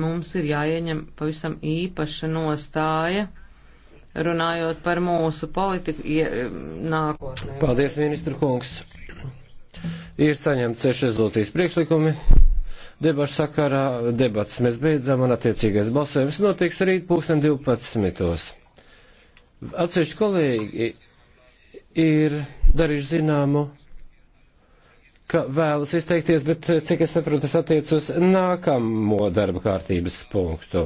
mums ir jāieņem pavisam īpaša nostāja, runājot par mūsu politiku um, nākotnē. Paldies, ministru kungs. Ir saņemts seši rezolūcijas priekšlikumi. Debašu sakarā debats mēs beidzam un attiecīgais balsojums notiks rīt pūksteni 12. Atsevišķi kolēģi ir darījuši zināmu ka vēlas izteikties, bet eh, cik es saprotu, tas attiec uz nākamo darba kārtības punktu.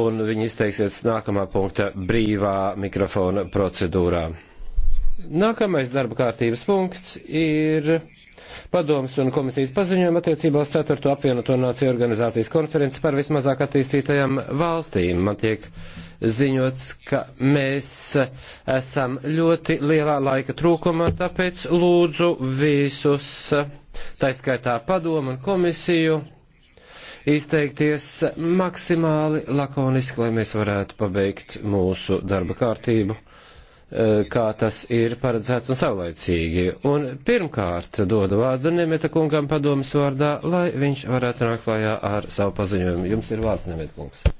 Un viņi izteiksies nākamā punkta brīvā mikrofona procedūrā. Nākamais darba kārtības punkts ir padomas un komisijas paziņojuma attiecībā uz 4. apvienoto nāciju organizācijas konferenci par vismazāk attīstītajām valstīm. Man tiek ziņots, ka mēs esam ļoti lielā laika trūkumā, tāpēc lūdzu visus, taiskaitā padomu un komisiju, izteikties maksimāli lakoniski, lai mēs varētu pabeigt mūsu darba kārtību eh, kā tas ir paredzēts un savlaicīgi. Un pirmkārt dodu vārdu Nemeta kungam padomas vārdā, lai viņš varētu nākt klājā ar savu paziņojumu. Jums ir vārds, Nemeta kungs.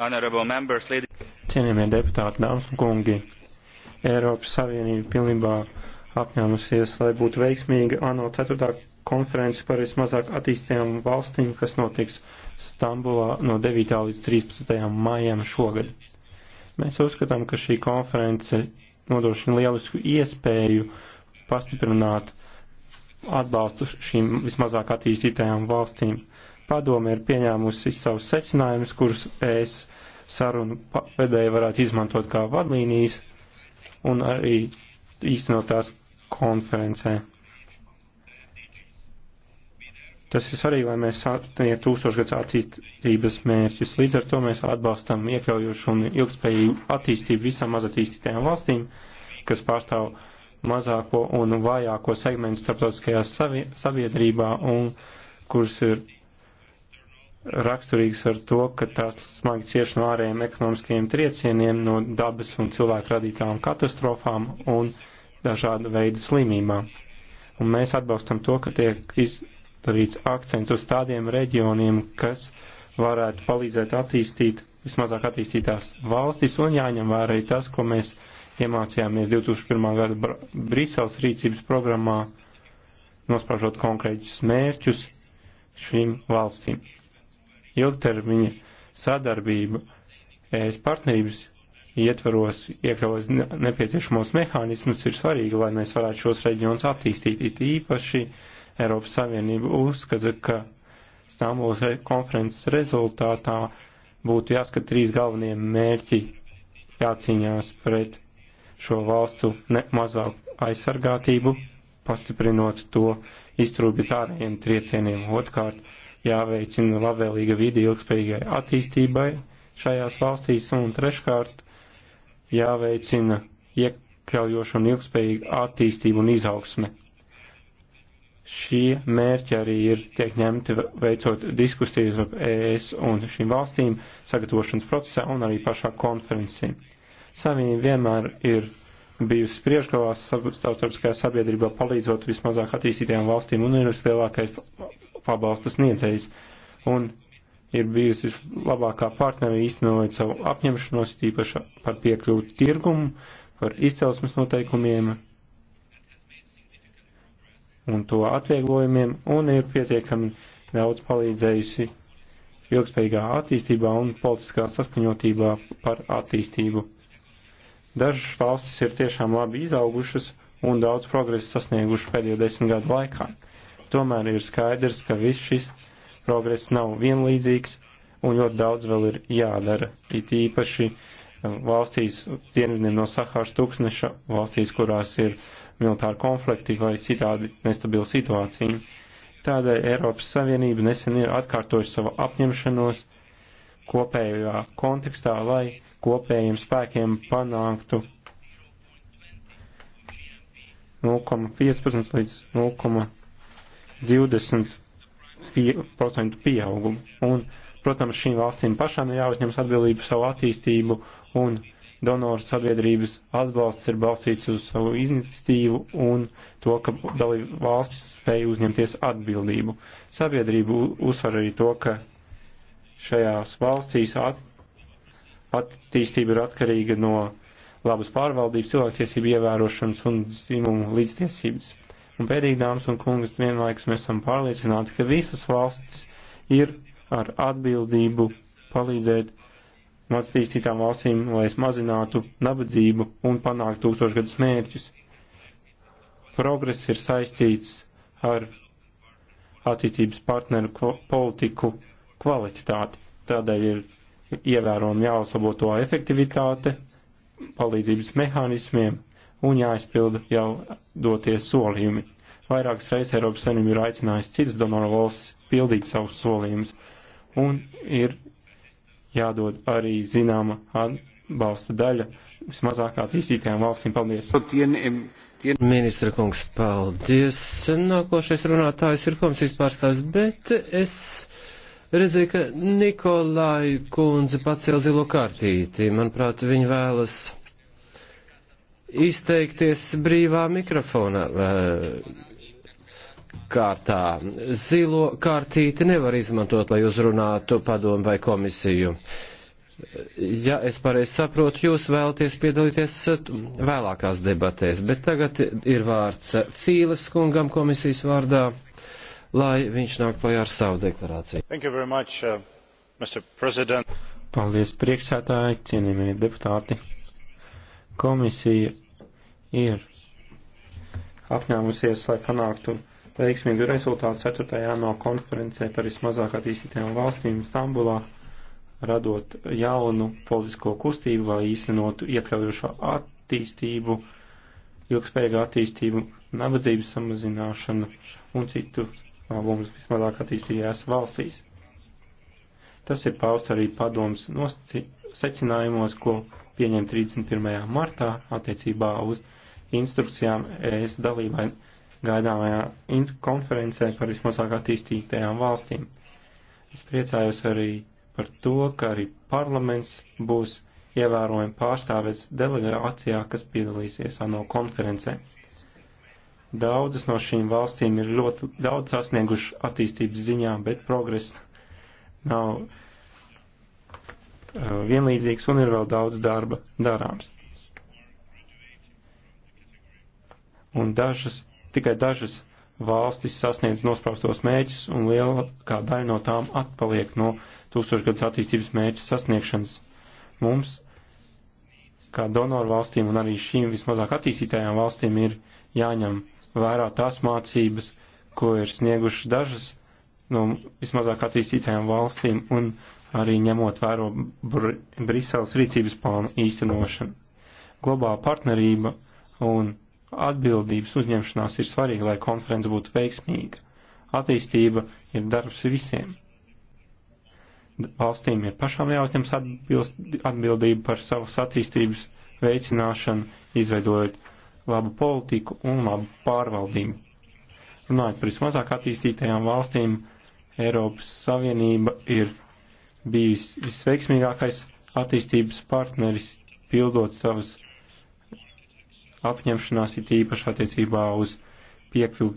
Cienījamie deputāti, dāmas un kungi, Eiropas Savienība pilnībā apņēmusies, lai būtu veiksmīga ANO 4. konference par vismazāk attīstījām valstīm, kas notiks Stambulā no 9. līdz 13. maijam nu šogad. Mēs uzskatām, ka šī konference nodrošina lielisku iespēju pastiprināt atbalstu šīm vismazāk attīstītajām valstīm. Padome ir pieņēmusi savus secinājumus, kurus es sarunu vedēju varētu izmantot kā vadlīnijas un arī īstenot tās konferencē. Tas ir svarīgi, lai mēs sasniegtu tūkstošgads attīstības mērķus. Līdz ar to mēs atbalstam iekļaujošu un ilgspējīgu attīstību visām mazatīstītajām valstīm, kas pārstāv mazāko un vājāko segmentu starptautiskajā savi sabiedrībā un kuras ir raksturīgs ar to, ka tās smagi cieši no ārējiem ekonomiskajiem triecieniem, no dabas un cilvēku radītām katastrofām un dažāda veida slimībām. Un mēs atbalstam to, ka tiek izdarīts akcents uz tādiem reģioniem, kas varētu palīdzēt attīstīt vismazāk attīstītās valstis, un jāņem vērā arī tas, ko mēs iemācījāmies 2001. gada Br Brīseles rīcības programmā, nospražot konkrēķus mērķus šīm valstīm ilgtermiņa sadarbība ES partnerības ietvaros iekļaujas nepieciešamos mehānismus ir svarīga, lai mēs varētu šos reģionus attīstīt. It īpaši Eiropas Savienība uzskata, ka Stambulas konferences rezultātā būtu jāskat trīs galvenie mērķi jācīņās pret šo valstu ne, mazāku aizsargātību, pastiprinot to iztrūbīt ārējiem triecieniem. Otkārt, jāveicina labvēlīga vidi ilgspējīgai attīstībai šajās valstīs, un treškārt jāveicina iekļaujoša un ilgspējīga attīstība un izaugsme. Šie mērķi arī ir tiek ņemti veicot diskusijas ar ES un šīm valstīm sagatavošanas procesā un arī pašā konferencī. Savienība vienmēr ir bijusi priekšgalā starptautiskajā sabiedrībā palīdzot vismazāk attīstītajām valstīm un ir vislielākais pabalsta sniedzējs un ir bijusi vislabākā partneri īstenojot savu apņemšanos, tīpaši par piekļūt tirgumu, par izcelsmes noteikumiem un to atvieglojumiem, un ir pietiekami daudz palīdzējusi ilgspējīgā attīstībā un politiskā saskaņotībā par attīstību. Dažas valstis ir tiešām labi izaugušas un daudz progresu sasnieguši pēdējo desmit gadu laikā. Tomēr ir skaidrs, ka viss šis progress nav vienlīdzīgs un ļoti daudz vēl ir jādara. It īpaši um, valstīs dienvidiem no Sahāras tūkstneša, valstīs, kurās ir militāri konflikti vai citādi nestabila situācija. Tādēļ Eiropas Savienība nesen ir atkārtojusi savu apņemšanos kopējā kontekstā, lai kopējiem spēkiem panāktu 0,15 līdz 0,20 20% pieaugumu. Un, protams, šīm valstīm pašām ir jāuzņemas atbildību savu attīstību un donoru sabiedrības atbalsts ir balstīts uz savu iniciatīvu un to, ka dalību valstis spēja uzņemties atbildību. Sabiedrība uzsver arī to, ka šajās valstīs at, attīstība ir atkarīga no labas pārvaldības, cilvēktiesību ievērošanas un dzimumu līdztiesības. Un pēdīgi, dāmas un kungas, vienlaikus mēs esam pārliecināti, ka visas valstis ir ar atbildību palīdzēt attīstītām valstīm, lai mazinātu nabadzību un panāktu tūkstošgadus mērķus. Progress ir saistīts ar attīstības partneru kva politiku kvalitāti. Tādēļ ir ievērojami jāuzlabo to efektivitāte, palīdzības mehānismiem un jāizpilda jau doties solījumi. Vairākas reizes Eiropas Savienība ir aicinājusi citas donoru valstis pildīt savus solījumus, un ir jādod arī zināma atbalsta daļa vismazāk attīstītajām valstīm. Paldies! Ministra kungs, paldies! Nākošais runātājs ir komisijas pārstāvs, bet es redzēju, ka Nikolai kundze pacēla zilo kārtīti. Manuprāt, viņa vēlas izteikties brīvā mikrofona eh, kārtā. Zilo kārtīti nevar izmantot, lai uzrunātu padomu vai komisiju. Ja es pareizi saprotu, jūs vēlaties piedalīties eh, vēlākās debatēs, bet tagad ir vārds Fīles kungam komisijas vārdā, lai viņš nāk klajā ar savu deklarāciju. Much, uh, Paldies priekšsētāji, cienījamie deputāti. Komisija ir apņēmusies, lai panāktu veiksmīgu rezultātu 4. no konferencē par vismazāk attīstītām valstīm Stambulā, radot jaunu politisko kustību, lai īstenotu iekļaujošo attīstību, ilgspējīgu attīstību, nabadzības samazināšanu un citu labumus vismazāk attīstītajās valstīs. Tas ir pausts arī padoms secinājumos, ko pieņemt 31. martā attiecībā uz instrukcijām ES dalībai gaidāmajā konferencē par vismazāk attīstītajām valstīm. Es priecājos arī par to, ka arī parlaments būs ievērojami pārstāvēts delegācijā, kas piedalīsies ANO konferencē. Daudzas no šīm valstīm ir ļoti daudz sasnieguši attīstības ziņā, bet progress nav Uh, vienlīdzīgs un ir vēl daudz darba darāms. Un dažas, tikai dažas valstis sasniedz nospraustos mēģus, un lielākā daļa no tām atpaliek no tūkstošgadus attīstības mēģu sasniegšanas. Mums, kā donoru valstīm un arī šīm vismazāk attīstītajām valstīm, ir jāņem vērā tās mācības, ko ir sniegušas dažas no vismazāk attīstītajām valstīm, un arī ņemot vēro Br Briseles rīcības plānu īstenošanu. Globāla partnerība un atbildības uzņemšanās ir svarīga, lai konference būtu veiksmīga. Attīstība ir darbs visiem. Valstīm ir pašām jāuzņems atbildība par savas attīstības veicināšanu, izveidojot labu politiku un labu pārvaldību. Runājot par vismazāk attīstītajām valstīm, Eiropas Savienība ir bijis visveiksmīgākais attīstības partneris, pildot savas apņemšanās it īpaši attiecībā uz piekļuvu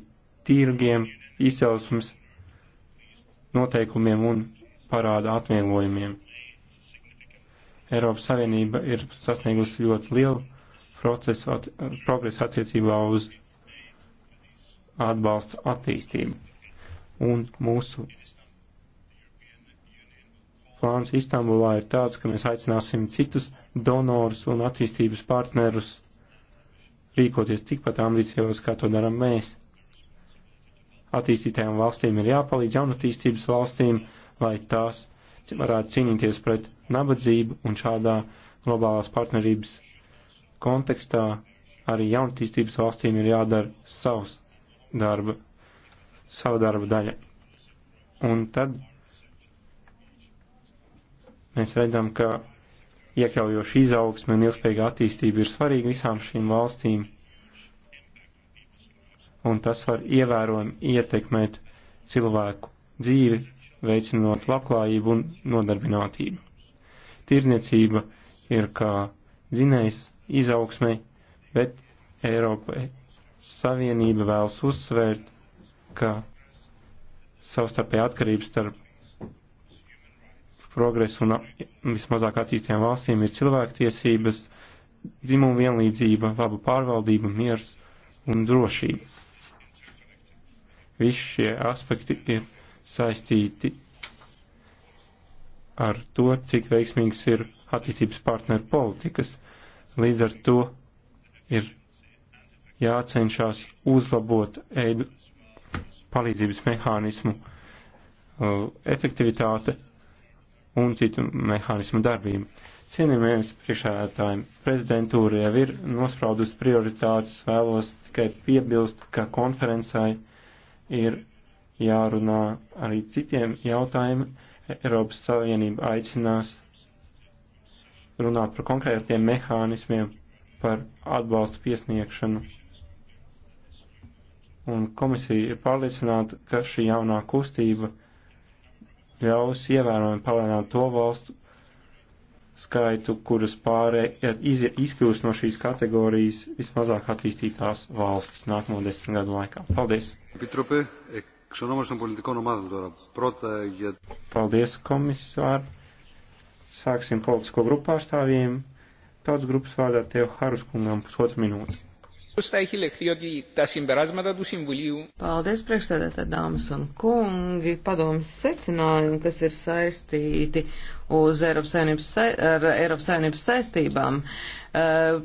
tirgiem, izcelsmes noteikumiem un parāda atvieglojumiem. Eiropas Savienība ir sasniegusi ļoti lielu procesu, at, progresu attiecībā uz atbalstu attīstību. Un mūsu plāns Istambulā ir tāds, ka mēs aicināsim citus donorus un attīstības partnerus rīkoties tikpat ambiciozi, kā to darām mēs. Attīstītajām valstīm ir jāpalīdz jaunatīstības valstīm, lai tās varētu cīnīties pret nabadzību un šādā globālās partnerības kontekstā arī jaunatīstības valstīm ir jādara savs darba, savu darbu daļa. Un tad Mēs redzam, ka iekļaujoša izaugsme un ilgspējīga attīstība ir svarīga visām šīm valstīm, un tas var ievērojami ietekmēt cilvēku dzīvi, veicinot labklājību un nodarbinātību. Tirniecība ir kā dzinējs izaugsmei, bet Eiropa Savienība vēlas uzsvērt, ka savstarpēja atkarības starp progresu un vismazāk attīstītām valstīm ir cilvēktiesības, dzimuma vienlīdzība, laba pārvaldība, miers un drošība. Visi šie aspekti ir saistīti ar to, cik veiksmīgs ir attīstības partneru politikas. Līdz ar to ir jācenšas uzlabot eidu palīdzības mehānismu uh, efektivitāte un citu mehānismu darbību. Cienījamies priekšādātājiem, prezidentūra jau ir nospraudus prioritātes, vēlos tikai piebilst, ka konferencai ir jārunā arī citiem jautājumiem. Eiropas Savienība aicinās runāt par konkrētiem mehānismiem, par atbalstu piesniegšanu un komisija ir pārliecināta, ka šī jaunā kustība ļaus ievērojami palēnāt to valstu skaitu, kuras pārē izkļūst no šīs kategorijas vismazāk attīstītās valstis nākamo desmit gadu laikā. Paldies! Paldies, komisār! Sāksim politisko grupu pārstāvjiem. Tautas grupas vārdā tev Haruskungam pusotru minūti. Paldies, priekšsēdētāji, dāmas un kungi, padomas secinājumi, kas ir saistīti uz Eiropas saimnības, ar Eiropas saimnības saistībām. Eh,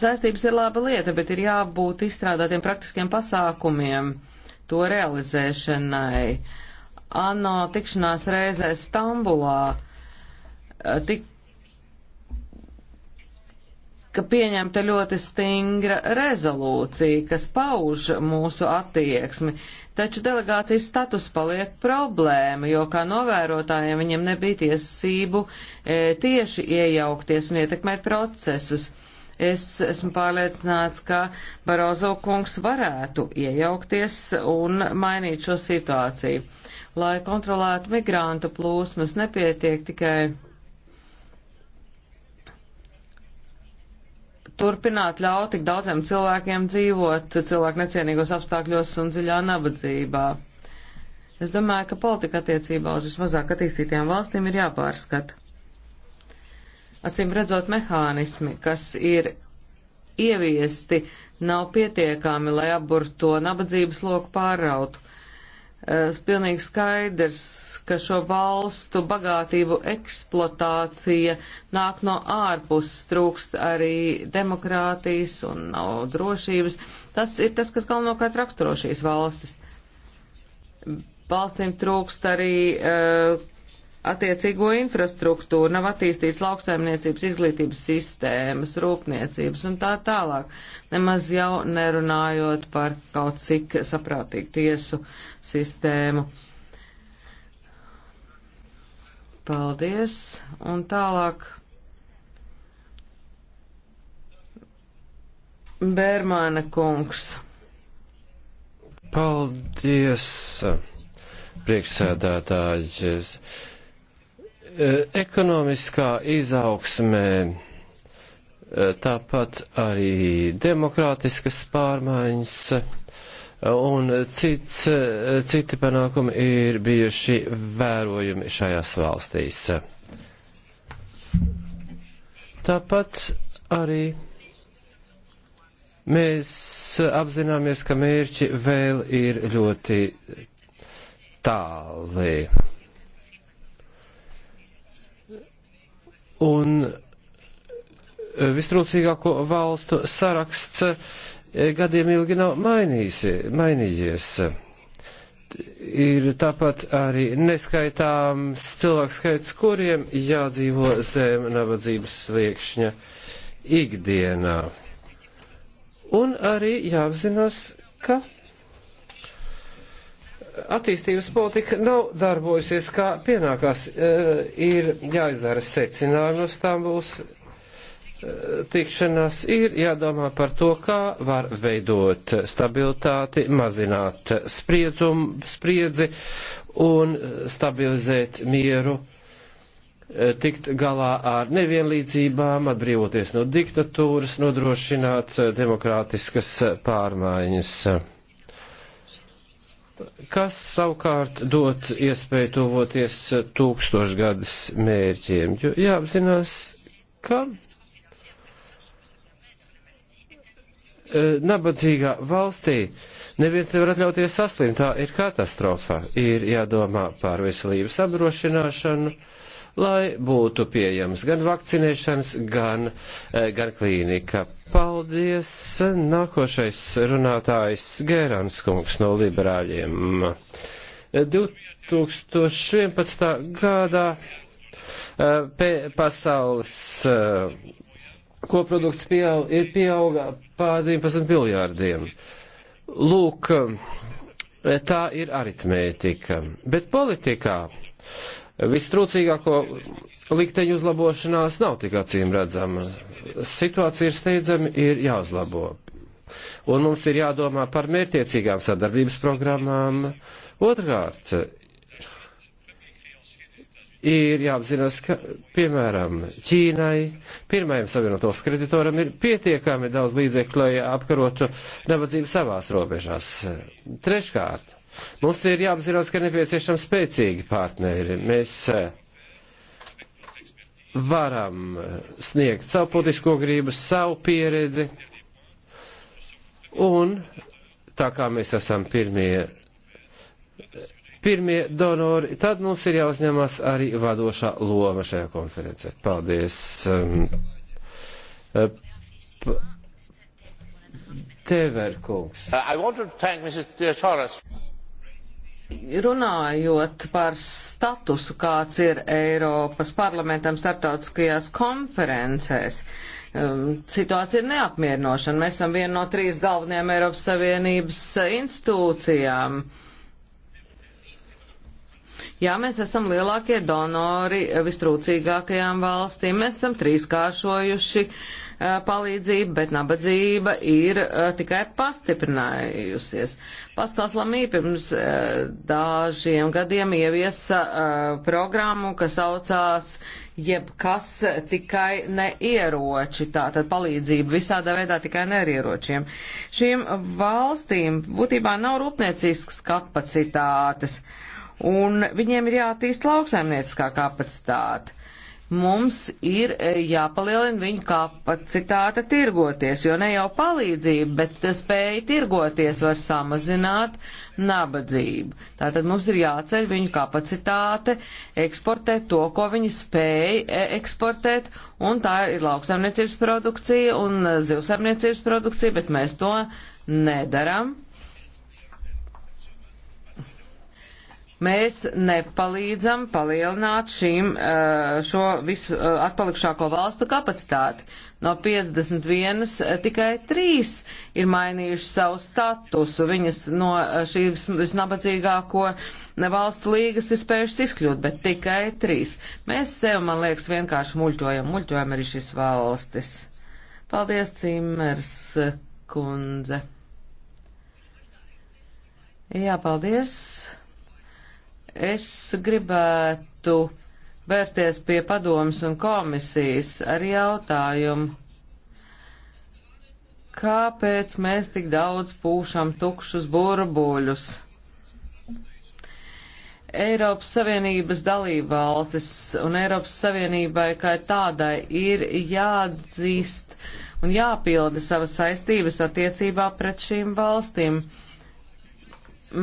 saistības ir laba lieta, bet ir jābūt izstrādātiem praktiskiem pasākumiem to realizēšanai. ANO tikšanās reizē Stambulā eh, tik ka pieņemta ļoti stingra rezolūcija, kas pauž mūsu attieksmi, taču delegācijas status paliek problēma, jo kā novērotājiem viņam nebija tiesību e, tieši iejaukties un ietekmēt procesus. Es esmu pārliecināts, ka Barozo kungs varētu iejaukties un mainīt šo situāciju. Lai kontrolētu migrantu plūsmas, nepietiek tikai turpināt ļaut tik daudziem cilvēkiem dzīvot cilvēku necienīgos apstākļos un dziļā nabadzībā. Es domāju, ka politika attiecībā uz vismazāk attīstītajām valstīm ir jāpārskata. Acīm redzot, mehānismi, kas ir ieviesti, nav pietiekami, lai aburto nabadzības loku pārrautu. Eh, pilnīgi skaidrs, ka šo valstu bagātību eksploatācija nāk no ārpus, trūkst arī demokrātijas un nav drošības. Tas ir tas, kas galvenokārt raksturo šīs valstis. Valstīm trūkst arī uh, attiecīgo infrastruktūru, nav attīstīts lauksaimniecības izglītības sistēmas, rūpniecības un tā tālāk, nemaz jau nerunājot par kaut cik saprātīgu tiesu sistēmu. Paldies, un tālāk. Bērmāna kungs. Paldies, priekšsēdētāji. E, ekonomiskā izaugsmē e, tāpat arī demokrātiskas pārmaiņas e, un cits, citi panākumi ir bijuši vērojumi šajās valstīs. Tāpat arī mēs apzināmies, ka mērķi vēl ir ļoti tāli. un e, vistrūcīgāko valstu saraksts e, gadiem ilgi nav mainīsi, mainījies. Ir tāpat arī neskaitāms cilvēks skaits, kuriem jādzīvo zem nabadzības sliekšņa ikdienā. Un arī jāapzinās, ka attīstības politika nav darbojusies, kā pienākās eh, ir jāizdara secinājumi no Stambuls eh, tikšanās, ir jādomā par to, kā var veidot stabilitāti, mazināt spriedzumu, spriedzi un stabilizēt mieru eh, tikt galā ar nevienlīdzībām, atbrīvoties no diktatūras, nodrošināt demokrātiskas pārmaiņas kas savukārt dot iespēju tuvoties tūkstošgadas mērķiem, jo jāapzinās, ka e, nabadzīgā valstī neviens nevar atļauties saslimt, tā ir katastrofa, ir jādomā par veselības apdrošināšanu, uh, lai būtu pieejams gan vakcinēšanas, gan, eh, gan klīnika. Paldies! Nākošais runātājs Gērans Kungs no liberāļiem. 2011. gadā eh, pasaules eh, koprodukts pieaug, ir pieauga pār 12 miljārdiem. Lūk, tā ir aritmētika. Bet politikā Vistrūcīgāko likteņu uzlabošanās nav tik acīm redzama. Situācija ir steidzami, ir jāuzlabo. Un mums ir jādomā par mērķiecīgām sadarbības programmām. Otrkārt, ir jāapzinās, ka, piemēram, Ķīnai, pirmajam savienotos kreditoram ir pietiekami daudz līdzekļu, lai apkarotu nabadzību savās robežās. Treškārt, Mums ir jāapzinās, ka nepieciešams spēcīgi partneri. Mēs eh, varam eh, sniegt savu politisko gribu, savu pieredzi. Un tā kā mēs esam pirmie, pirmie donori, tad mums ir jāuzņemas arī vadošā loma šajā konferencē. Paldies. Um, eh, Teverkungs. Uh, Runājot par statusu, kāds ir Eiropas parlamentam startautiskajās konferencēs, um, situācija ir neapmierinoša. Mēs esam viena no trīs galvenajām Eiropas Savienības institūcijām. Jā, mēs esam lielākie donori vistrūcīgākajām valstīm. Mēs esam trīskāršojuši uh, palīdzību, bet nabadzība ir tikai pastiprinājusies. Paskals Lamī pirms dažiem gadiem ieviesa programmu, kas saucās jebkas tikai neieroči, tātad palīdzība visādā veidā tikai nerieročiem. Šīm valstīm būtībā nav rūpniecīskas kapacitātes, un viņiem ir jātīst lauksaimnieciskā kapacitāte mums ir e, jāpalielina viņu kapacitāte tirgoties, jo ne jau palīdzība, bet spēja tirgoties var samazināt nabadzību. Tātad mums ir jāceļ viņu kapacitāte eksportēt to, ko viņi spēja e, eksportēt, un tā ir lauksaimniecības produkcija un e, zivsaimniecības produkcija, bet mēs to nedaram. mēs nepalīdzam palielināt šīm, šo visu atpalikšāko valstu kapacitāti. No 51 tikai 3 ir mainījuši savu statusu. Viņas no šīs visnabadzīgāko valstu līgas ir spējušas izkļūt, bet tikai 3. Mēs sev, man liekas, vienkārši muļķojam. Muļķojam arī šis valstis. Paldies, Cimers kundze. Jā, paldies. Es gribētu vērsties pie padomas un komisijas ar jautājumu, kāpēc mēs tik daudz pūšam tukšus burbuļus? Eiropas Savienības dalība valstis un Eiropas Savienībai kā tādai ir jāatzīst un jāpilda savas saistības attiecībā pret šīm valstīm. Uh,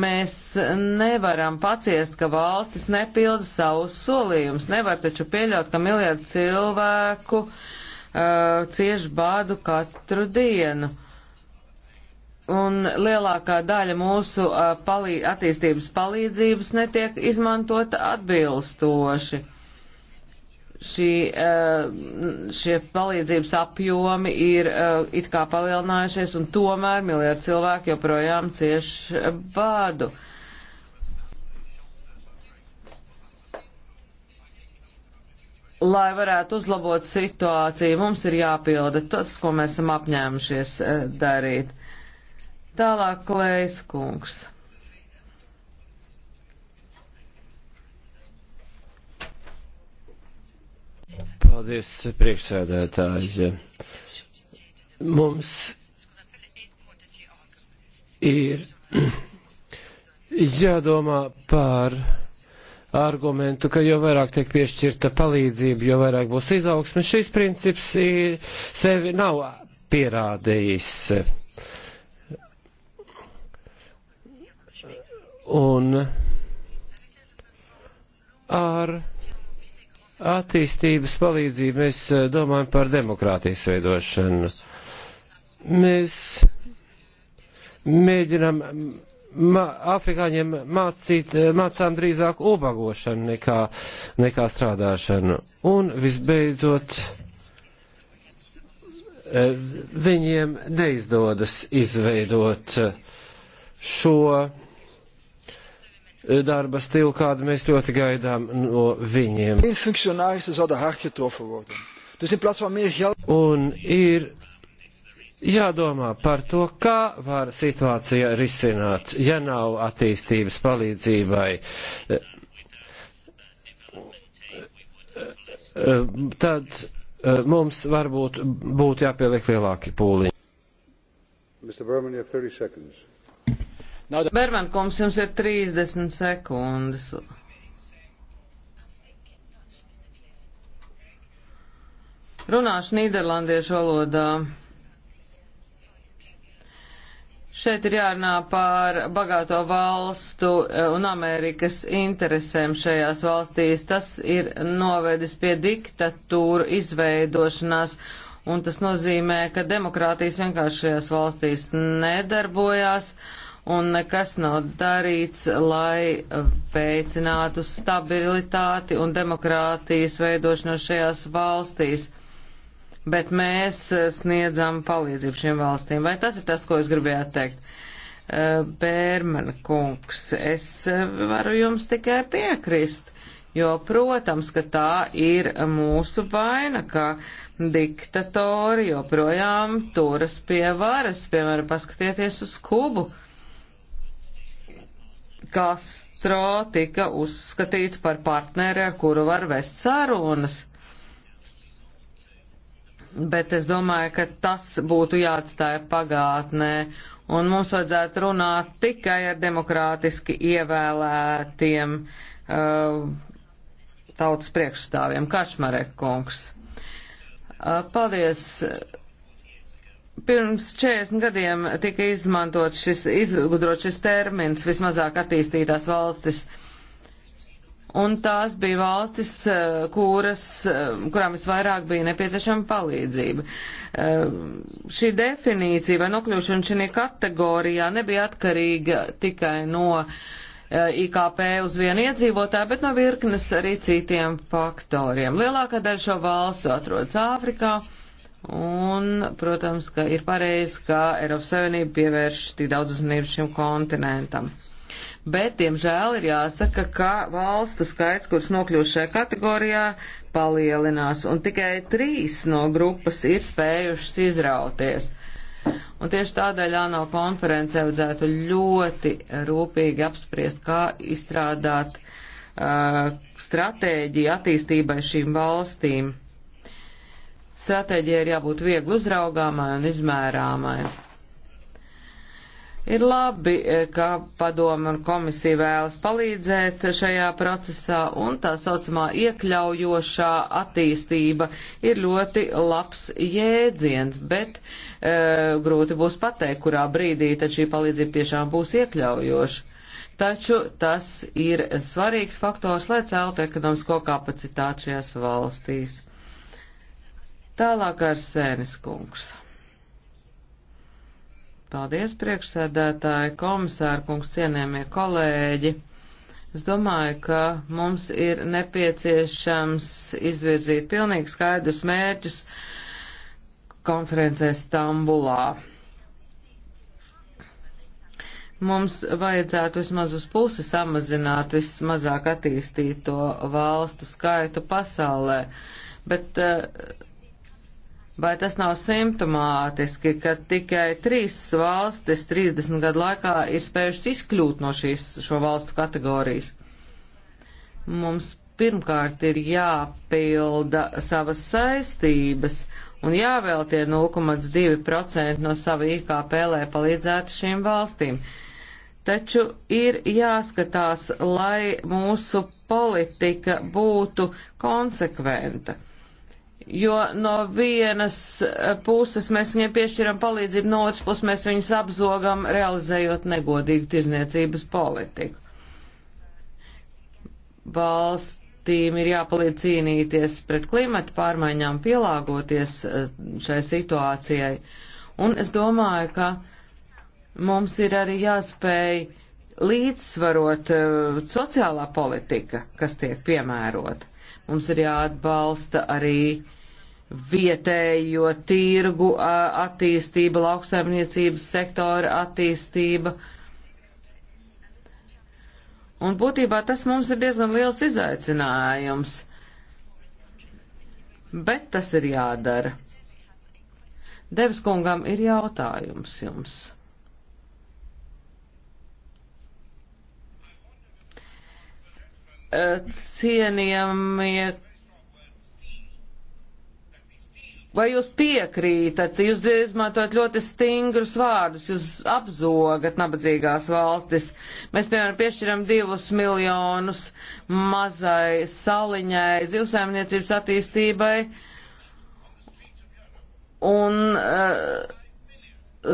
Mēs nevaram paciest, ka valstis nepilda savus solījumus. Nevar taču pieļaut, ka miljardi cilvēku uh, cieš bādu katru dienu. Un lielākā daļa mūsu uh, palī attīstības palīdzības netiek izmantota atbilstoši šī, eh, šie palīdzības apjomi ir eh, it kā palielinājušies, un tomēr miljardi cilvēki joprojām cieš eh, bādu. Lai varētu uzlabot situāciju, mums ir jāpilda tas, ko mēs esam apņēmušies darīt. Tālāk, Klējs kungs. Paldies, priekšsēdētāji. Mums ir jādomā par argumentu, ka jo vairāk tiek piešķirta palīdzība, jo vairāk būs izaugsme. Šis princips ir, sevi nav pierādījis. Un ar attīstības palīdzību mēs eh, domājam par demokrātijas veidošanu. Mēs mēģinam ma afrikāņiem mācīt, eh, mācām drīzāk ubagošanu nekā, nekā strādāšanu. Un visbeidzot, eh, viņiem neizdodas izveidot šo Eh, darba stilu, kādu mēs ļoti gaidām no viņiem. Er Un ir jādomā par to, kā var situācija risināt, ja nav attīstības palīdzībai. Eh, eh, tad mums varbūt būtu jāpieliek lielāki pūliņi. Mr. Berman, you have 30 seconds. Bervankungs, jums ir 30 sekundes. Runāšu nīderlandiešu valodā. Šeit ir jārunā par bagāto valstu e, un Amerikas interesēm šajās valstīs. Tas ir novedis pie diktatūru izveidošanās, un tas nozīmē, ka demokrātijas vienkārši šajās valstīs nedarbojās. Uh, un nekas nav darīts, lai veicinātu stabilitāti un demokrātijas veidošanos šajās valstīs. Bet mēs sniedzam palīdzību šiem valstīm. Vai tas ir tas, ko es gribēju teikt? Eh, Bērmena kungs, es varu jums tikai piekrist, jo, protams, ka tā ir mūsu vaina, ka diktatori joprojām turas pie varas, piemēram, paskatieties uz Kubu. Uh, Castro tika uzskatīts par partneri, ar kuru var vest sarunas. Bet es domāju, ka tas būtu jāatstāja pagātnē, un mums vajadzētu runāt tikai ar demokrātiski ievēlētiem uh, tautas priekšstāvjiem. Kačmarek kungs. Uh, paldies. Uh, Pirms 40 gadiem tika izmantot šis, izgudrot šis termins vismazāk attīstītās valstis. Un tās bija valstis, eh, kuras, eh, kurām visvairāk bija nepieciešama palīdzība. Eh, šī definīcija vai nokļūšana šajā kategorijā nebija atkarīga tikai no IKP uz vienu iedzīvotāju, bet no virknes arī citiem faktoriem. Lielākā daļa šo valstu atrodas Āfrikā Un, protams, ka ir pareizi, ka Eiropas Savienība pievērš tik daudz uzmanības šim kontinentam. Bet, diemžēl, ir jāsaka, ka valstu skaits, kuras nokļūst šajā kategorijā, palielinās, un tikai trīs no grupas ir spējušas izrauties. Un tieši tādēļ ANO konferencē vajadzētu ļoti rūpīgi apspriest, kā izstrādāt uh, stratēģiju attīstībai šīm valstīm Stratēģija ir jābūt viegli uzraugāmai un izmērāmai. Ir labi, eh, ka padoma un komisija vēlas palīdzēt šajā procesā, un tā saucamā iekļaujošā attīstība ir ļoti labs jēdziens, bet e, grūti būs pateikt, kurā brīdī tad šī palīdzība tiešām būs iekļaujoša. Taču tas ir svarīgs faktors, lai celtu ekonomisko kapacitāti šajās valstīs. Tālāk ar sēnis kungs. Paldies, priekšsēdētāji, komisāri kungs, cienējamie kolēģi. Es domāju, ka mums ir nepieciešams izvirzīt pilnīgi skaidrus mērķus konferencē Stambulā. Mums vajadzētu vismaz uz pusi samazināt vismazāk attīstīto valstu skaitu pasaulē, bet uh, Vai tas nav simptomātiski, ka tikai trīs valstis 30 gadu laikā ir spējušas izkļūt no šīs šo valstu kategorijas? Mums pirmkārt ir jāpilda savas saistības un jāvēltie 0,2% no sava IKP, lai palīdzētu šīm valstīm. Taču ir jāskatās, lai mūsu politika būtu konsekventa jo no vienas eh, puses mēs viņiem piešķiram palīdzību, no otras puses mēs viņus apzogam, realizējot negodīgu tirzniecības politiku. Valstīm ir jāpalīdz cīnīties pret klimata pārmaiņām, pielāgoties eh, šai situācijai. Un es domāju, ka mums ir arī jāspēj līdzsvarot eh, sociālā politika, kas tiek piemērota Mums ir jāatbalsta arī vietējo tirgu attīstība, lauksaimniecības sektora attīstība. Un būtībā tas mums ir diezgan liels izaicinājums, bet tas ir jādara. Devis kungam ir jautājums jums. cienījamie, vai jūs piekrītat, jūs izmantojat ļoti stingrus vārdus, jūs apzogat nabadzīgās valstis. Mēs, piemēram, piešķiram divus miljonus mazai saliņai zivsaimniecības attīstībai. Un, uh,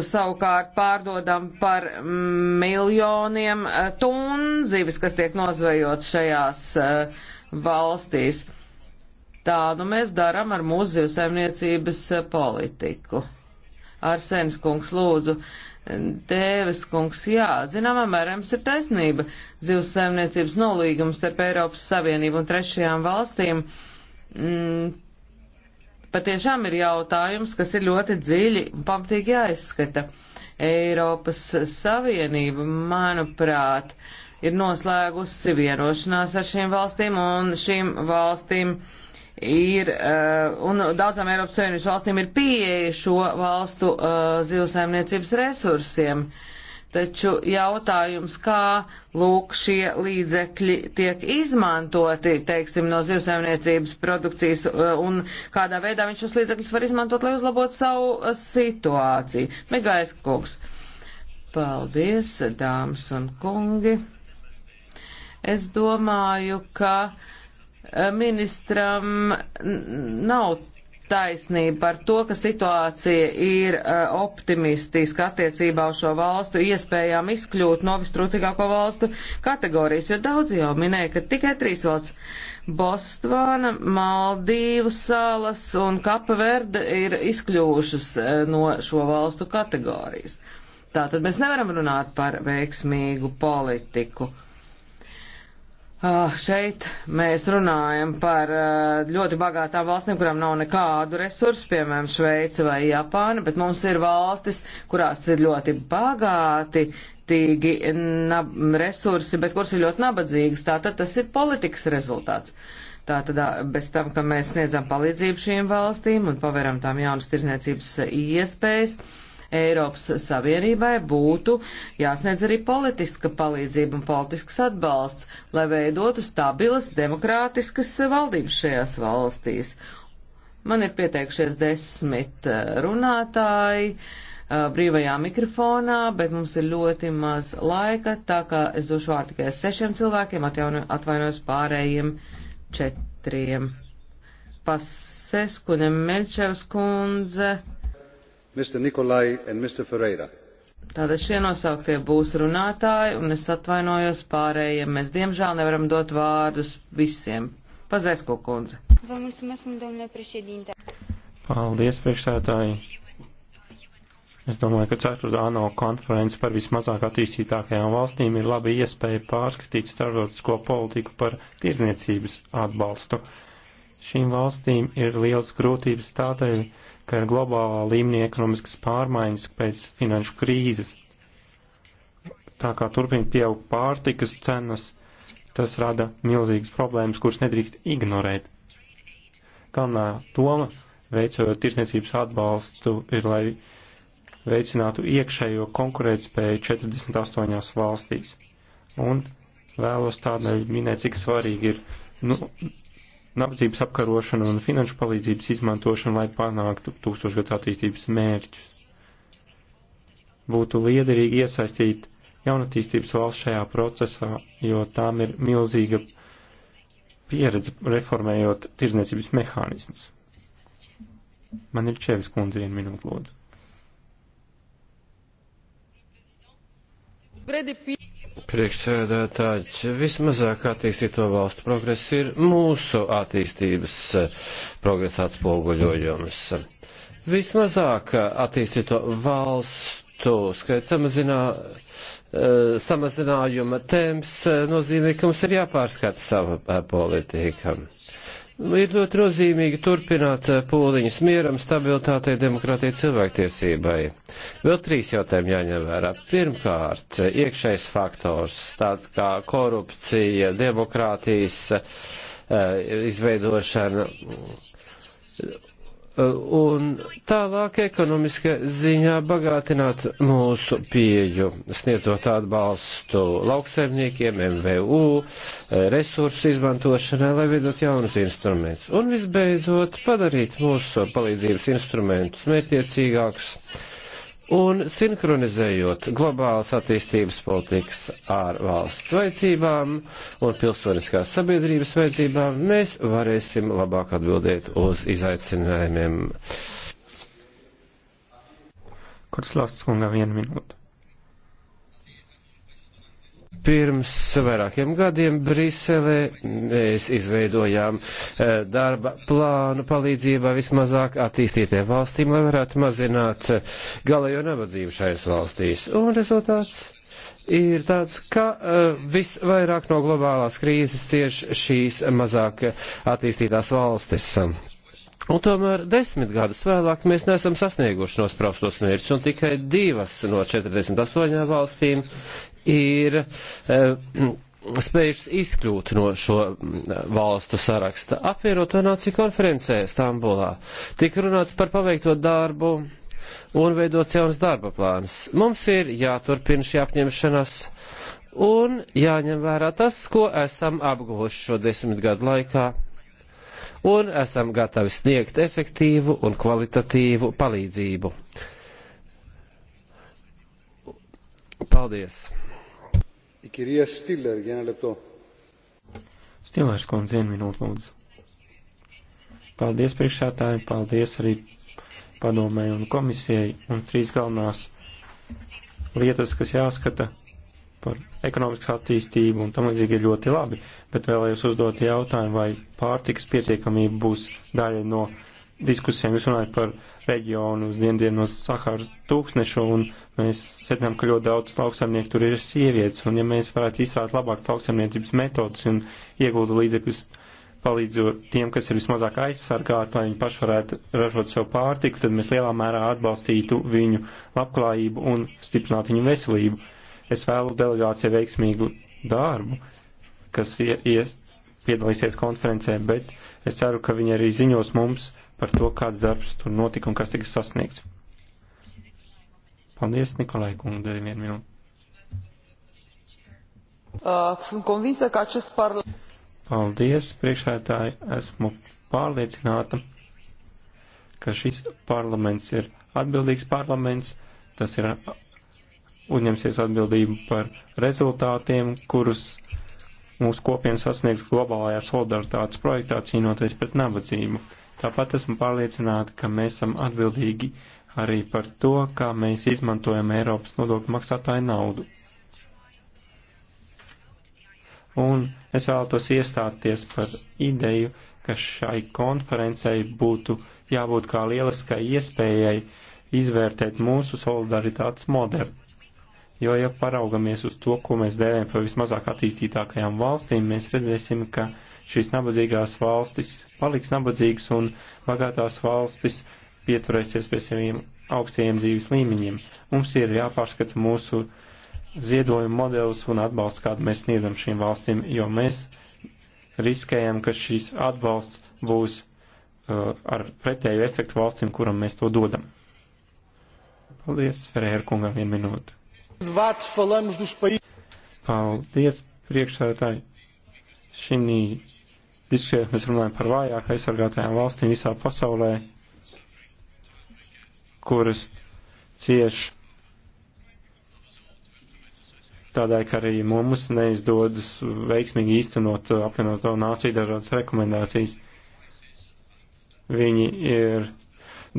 savukārt pārdodam par miljoniem tunu zivis, kas tiek nozvejots šajās eh, valstīs. Tā nu mēs darām ar mūsu zivsaimniecības eh, politiku. Arsēns kungs lūdzu, Dēvis kungs, jā, zināmā mērā jums ir taisnība. Zivsaimniecības nolīgums starp Eiropas Savienību un trešajām valstīm. Mm, patiešām ir jautājums, kas ir ļoti dziļi un pamatīgi jāizskata. Eiropas Savienība, manuprāt, ir noslēgusi vienošanās ar šīm valstīm, un šīm valstīm ir, uh, un daudzām Eiropas Savienības valstīm ir pieeja šo valstu uh, zivsaimniecības resursiem. Uh, Taču jautājums, kā lūk šie līdzekļi tiek izmantoti, teiksim, no zivsaimniecības produkcijas e, un kādā veidā viņš šos līdzekļus var izmantot, lai uzlabotu savu e, situāciju. Megais kungs. Paldies, dāmas un kungi. Es domāju, ka e, ministram nav taisnība par to, ka situācija ir uh, optimistiska attiecībā uz šo valstu iespējām izkļūt no vistrūcīgāko valstu kategorijas, jo daudzi jau minēja, ka tikai trīs valsts - Bostvāna, Maldīvu salas un Kapverde ir izkļūšas uh, eh, no šo valstu kategorijas. Tātad mēs nevaram runāt par veiksmīgu politiku. Uh, Ah, šeit mēs runājam par eh, ļoti bagātām valstīm, kurām nav nekādu resursu, piemēram, Šveica vai Japāna, bet mums ir valstis, kurās ir ļoti bagāti tīgi, nab, resursi, bet kuras ir ļoti nabadzīgas. Tātad tas ir politikas rezultāts. Tātad bez tam, ka mēs sniedzam palīdzību šīm valstīm un paveram tām jaunas tirzniecības iespējas, uh, Eiropas Savienībai būtu jāsniedz arī politiska palīdzība un politisks atbalsts, lai veidotu stabilas, demokrātiskas valdības šajās valstīs. Man ir pieteikušies desmit eh, runātāji eh, brīvajā mikrofonā, bet mums ir ļoti maz laika, tā kā es došu vārdu tikai sešiem cilvēkiem, atvainojos pārējiem četriem. Pasesku, Nemeļčevs kundze, Mr. Nikolai and Mr. Ferreira. Tātad šie nosauktie būs runātāji, un es atvainojos pārējiem. Mēs diemžēl nevaram dot vārdus visiem. Pazaisko kundze. Paldies, priekšsētāji. Es domāju, ka 4. ANO konference par vismazāk attīstītākajām valstīm ir laba iespēja pārskatīt starptautisko politiku par tirniecības atbalstu. Šīm valstīm ir liels grūtības tādēļ, ka ir globālā līmenī ekonomiskas pārmaiņas pēc finanšu krīzes. Tā kā turpina pieaugt pārtikas cenas, tas rada milzīgas problēmas, kuras nedrīkst ignorēt. Galvenā doma, veicot tirsniecības atbalstu, ir, lai veicinātu iekšējo konkurētspēju 48 valstīs. Un vēlos tādēļ minēt, cik svarīgi ir nu, nabadzības apkarošana un finanšu palīdzības izmantošana, lai panāktu tūkstošgads attīstības mērķus. Būtu liederīgi iesaistīt jaunatīstības valsts šajā procesā, jo tām ir milzīga pieredze reformējot tirzniecības mehānismus. Man ir Čevis kundze vienu minūtu lūdzu priekšsēdētāji, vismazāk attīstīto valstu progress ir mūsu attīstības eh, progresa atspoguļojums. Vismazāk attīstīto valstu skaits samazinā, eh, samazinājuma temps eh, nozīmē, ka mums ir jāpārskata sava politika. Nu, ir ļoti nozīmīgi turpināt eh, pūliņus mieram, stabilitātei, demokrātijai, cilvēktiesībai. Vēl trīs jautājumi jāņem vērā. Pirmkārt, iekšējs faktors, tāds kā korupcija, demokrātijas eh, izveidošana Eh, un tālāk ekonomiskā ziņā bagātināt mūsu pieju, sniedzot atbalstu lauksaimniekiem, MVU, eh, resursu izmantošanai, lai veidot jaunus instrumentus. Un visbeidzot, padarīt mūsu palīdzības instrumentus mērķiecīgākus un sinhronizējot globālas attīstības politikas ar valsts vajadzībām un pilsoniskās sabiedrības vajadzībām, mēs varēsim labāk atbildēt uz izaicinājumiem. Kurš lāsts kungam vienu minūtu? Pirms vairākiem gadiem Briselē mēs izveidojām eh, darba plānu palīdzībā vismazāk attīstītiem valstīm, lai varētu mazināt eh, galējo nabadzību šajās valstīs. Un rezultāts ir tāds, ka eh, visvairāk no globālās krīzes cieš šīs mazāk attīstītās valstis. Un tomēr desmit gadus vēlāk mēs nesam sasnieguši nospraustos mērķus, un tikai divas no 48 valstīm ir eh, spējušas izkļūt no šo valstu saraksta. Apvienoto nāciju konferencē Stambulā tika runāts par paveikto darbu un veidots jauns darba plāns. Mums ir jāturpina šī apņemšanās un jāņem vērā tas, ko esam apguvuši šo desmit gadu laikā un esam gatavi sniegt efektīvu un kvalitatīvu palīdzību. Paldies! Η κυρία Στίλερ, για ένα λεπτό. Stilērs kundze, vienu minūtu lūdzu. Paldies priekšsētāji, paldies arī padomēju un komisijai un trīs galvenās lietas, kas jāskata par ekonomikas attīstību un tam līdzīgi ir ļoti labi, bet vēlējos uzdot jautājumu, vai pārtikas pietiekamība būs daļa no diskusijām jūs runājat par reģionu uz dienvidiem no Saharas tūkstnešu, un mēs secinām, ka ļoti daudz lauksaimnieku tur ir sievietes, un ja mēs varētu izstrādāt labākas lauksaimniecības metodas un iegūtu līdzekļus palīdzot tiem, kas ir vismazāk aizsargāti, lai viņi paši varētu ražot sev pārtiku, tad mēs lielā mērā atbalstītu viņu labklājību un stiprinātu viņu veselību. Es vēlu delegācijai veiksmīgu darbu, kas ies, piedalīsies konferencē, bet es ceru, ka viņi arī ziņos mums par to, kāds darbs tur notika un kas tika sasniegts. Paldies, Nikolai Kungdei, vienu minūti. Uh, Paldies, priekšētāji, esmu pārliecināta, ka šis parlaments ir atbildīgs parlaments, tas ir uh, uzņemsies atbildību par rezultātiem, kurus mūsu kopienas sasniegs globālajā solidaritātes projektā cīnoties pret nabadzību. Tāpat esmu pārliecināta, ka mēs esam atbildīgi arī par to, kā mēs izmantojam Eiropas nodokļu maksātāju naudu. Un es vēlētos iestāties par ideju, ka šai konferencei būtu jābūt kā lieliskai iespējai izvērtēt mūsu solidaritātes modeli. Jo, ja paraugamies uz to, ko mēs dēvējam par vismazāk attīstītākajām valstīm, mēs redzēsim, ka šīs nabadzīgās valstis paliks nabadzīgas un bagātās valstis pieturēsies pie saviem augstajiem dzīves līmeņiem. Mums ir jāpārskata mūsu ziedojuma modelis un atbalsts, kādu mēs sniedzam šīm valstīm, jo mēs riskējam, ka šīs atbalsts būs uh, ar pretēju efektu valstīm, kuram mēs to dodam. Paldies, Ferēra kungam, vienu minūti. Paldies, priekšsēdētāji. Šī diskusijā mēs runājam par vājāk aizsargātajām valstīm visā pasaulē, kuras cieš tādēļ, ka arī mums neizdodas veiksmīgi īstenot apvienoto nāciju dažādas rekomendācijas. Viņi ir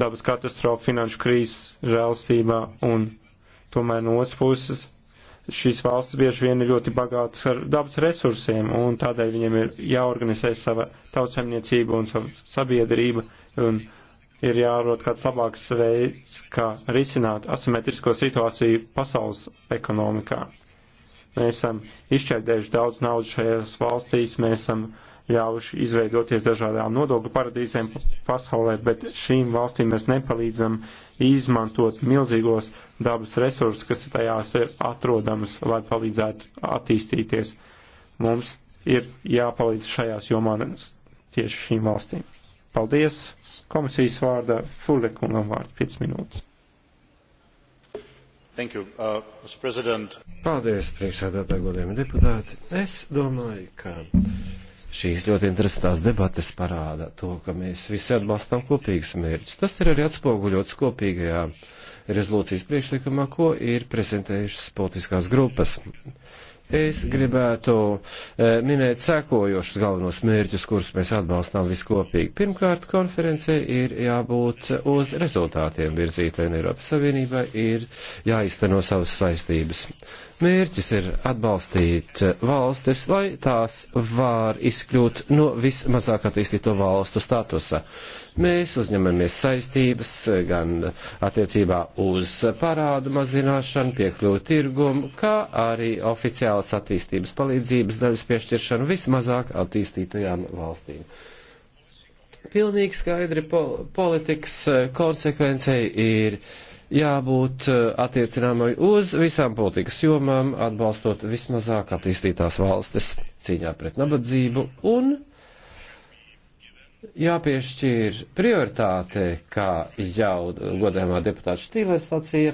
dabas katastrofa, finanšu krīzes žēlstībā un Tomēr no otras puses šīs valstis bieži vien ir ļoti bagātas ar dabas resursiem, un tādēļ viņiem ir jāorganizē sava tautsemniecība un sava sabiedrība, un ir jārod kāds labāks veids, kā risināt asimetrisko situāciju pasaules ekonomikā. Mēs esam izšķērdējuši daudz naudas šajās valstīs, mēs esam ļāvuši izveidoties dažādām nodokļu paradīzēm pasaulē, bet šīm valstīm mēs nepalīdzam uh, izmantot milzīgos dabas resursus, kas tajās ir atrodamas, lai palīdzētu attīstīties. Mums ir jāpalīdz šajās jomās tieši šīm valstīm. Paldies! Komisijas vārdā Fulekungam vārds 5 minūtes. Thank you, uh, Mr. President. Paldies, priekšsēdētāji, godējumi deputāti. Es domāju, ka šīs ļoti interesantās debates parāda to, ka mēs visi atbalstam kopīgus mērķus. Tas ir arī atspoguļots kopīgajā rezolūcijas priekšlikumā, ko ir prezentējušas politiskās grupas. Es gribētu e, minēt sekojošus galvenos mērķus, kurus mēs atbalstām viskopīgi. Pirmkārt, konferencē ir jābūt uz rezultātiem virzītai un Eiropas Savienībai ir jāizteno savas saistības. Mērķis ir atbalstīt eh, valstis, lai tās var izkļūt no vismazāk attīstīto valstu statusa. Mēs uzņemamies saistības eh, gan attiecībā uz parādu mazināšanu, piekļuvu tirgumu, kā arī oficiālas attīstības palīdzības daļas piešķiršanu vismazāk attīstītajām valstīm. Pilnīgi skaidri po politikas eh, konsekvencei ir jābūt eh, attiecināmai uz visām politikas jomām, atbalstot vismazāk attīstītās valstis cīņā pret nabadzību un jāpiešķir prioritāte, kā jau godējumā deputāts Štīlers sacīja,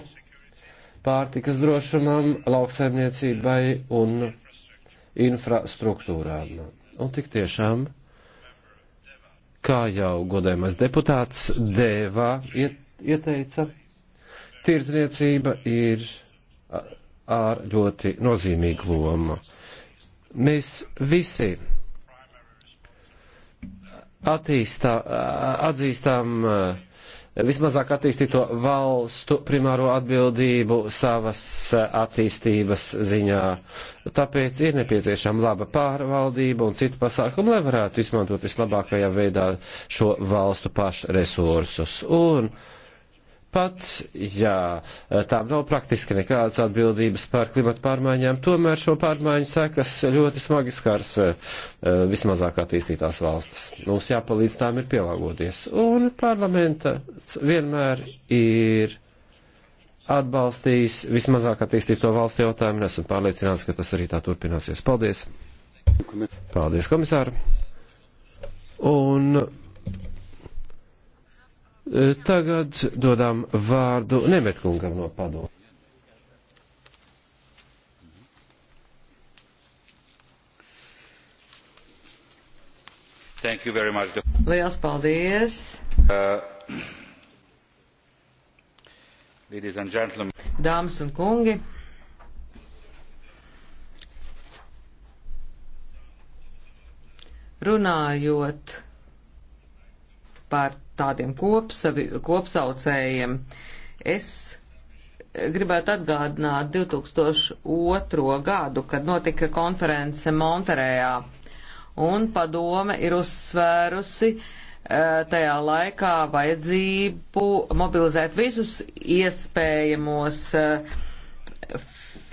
pārtikas drošumam, lauksaimniecībai un infrastruktūrām. Un tik tiešām, kā jau godējumais deputāts Dēvā ieteica, tirdzniecība ir ar ļoti nozīmīgu lomu. Mēs visi attīstā, atzīstam vismazāk attīstīto valstu primāro atbildību savas attīstības ziņā. Tāpēc ir nepieciešama laba pārvaldība un citu pasākumu, lai varētu izmantot vislabākajā veidā šo valstu pašu resursus. Un, uh, pat, ja tām nav praktiski nekādas atbildības par klimatu pārmaiņām, tomēr šo pārmaiņu sekas ļoti smagi skars eh, vismazāk attīstītās valstis. Mums jāpalīdz tām ir pielāgoties. Un parlamenta vienmēr ir atbalstījis vismazāk attīstīto valstu jautājumu, un esmu pārliecināts, ka tas arī tā turpināsies. Paldies! Paldies, komisāri! Un Tagad dodam vārdu Nemetkungam no padomu. Liels paldies! Uh, Dāmas un kungi! Runājot par tādiem kopsavi, kopsaucējiem. Es gribētu atgādināt 2002. gadu, kad notika konference Monterējā, un padome ir uzsvērusi e, tajā laikā vajadzību mobilizēt visus iespējamos e,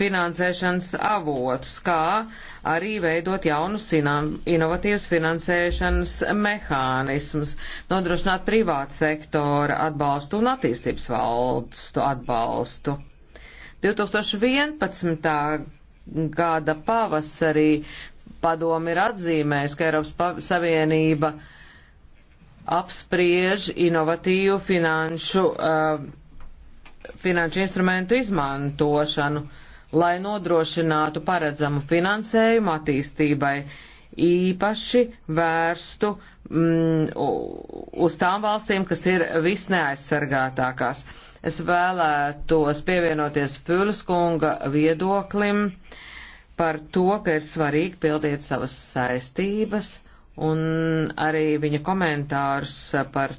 finansēšanas avotus, kā uh, arī veidot jaunus inovatīvus finansēšanas mehānismus, nodrošināt privāta sektora atbalstu un attīstības valstu atbalstu. 2011. gada pavasarī padomi ir atzīmējis, ka Eiropas Savienība apspriež inovatīvu finanšu, uh, finanšu instrumentu izmantošanu. Uh, lai nodrošinātu paredzamu finansējumu attīstībai, īpaši vērstu mm, uz tām valstīm, kas ir visneaizsargātākās. Es vēlētos pievienoties Pülskunga viedoklim par to, ka ir svarīgi pildīt savas saistības un arī viņa komentārus par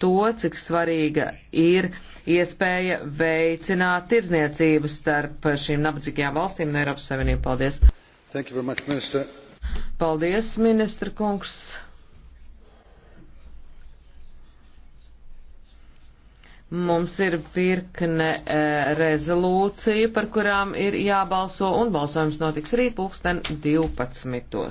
to, cik svarīga ir iespēja veicināt tirdzniecību starp šīm nabadzīgajām valstīm un Eiropas Savienību. Paldies! Much, minister. Paldies, ministra kungs! Mums ir virkne e, rezolūciju, par kurām ir jābalso, un balsojums notiks rīt pulksten 12.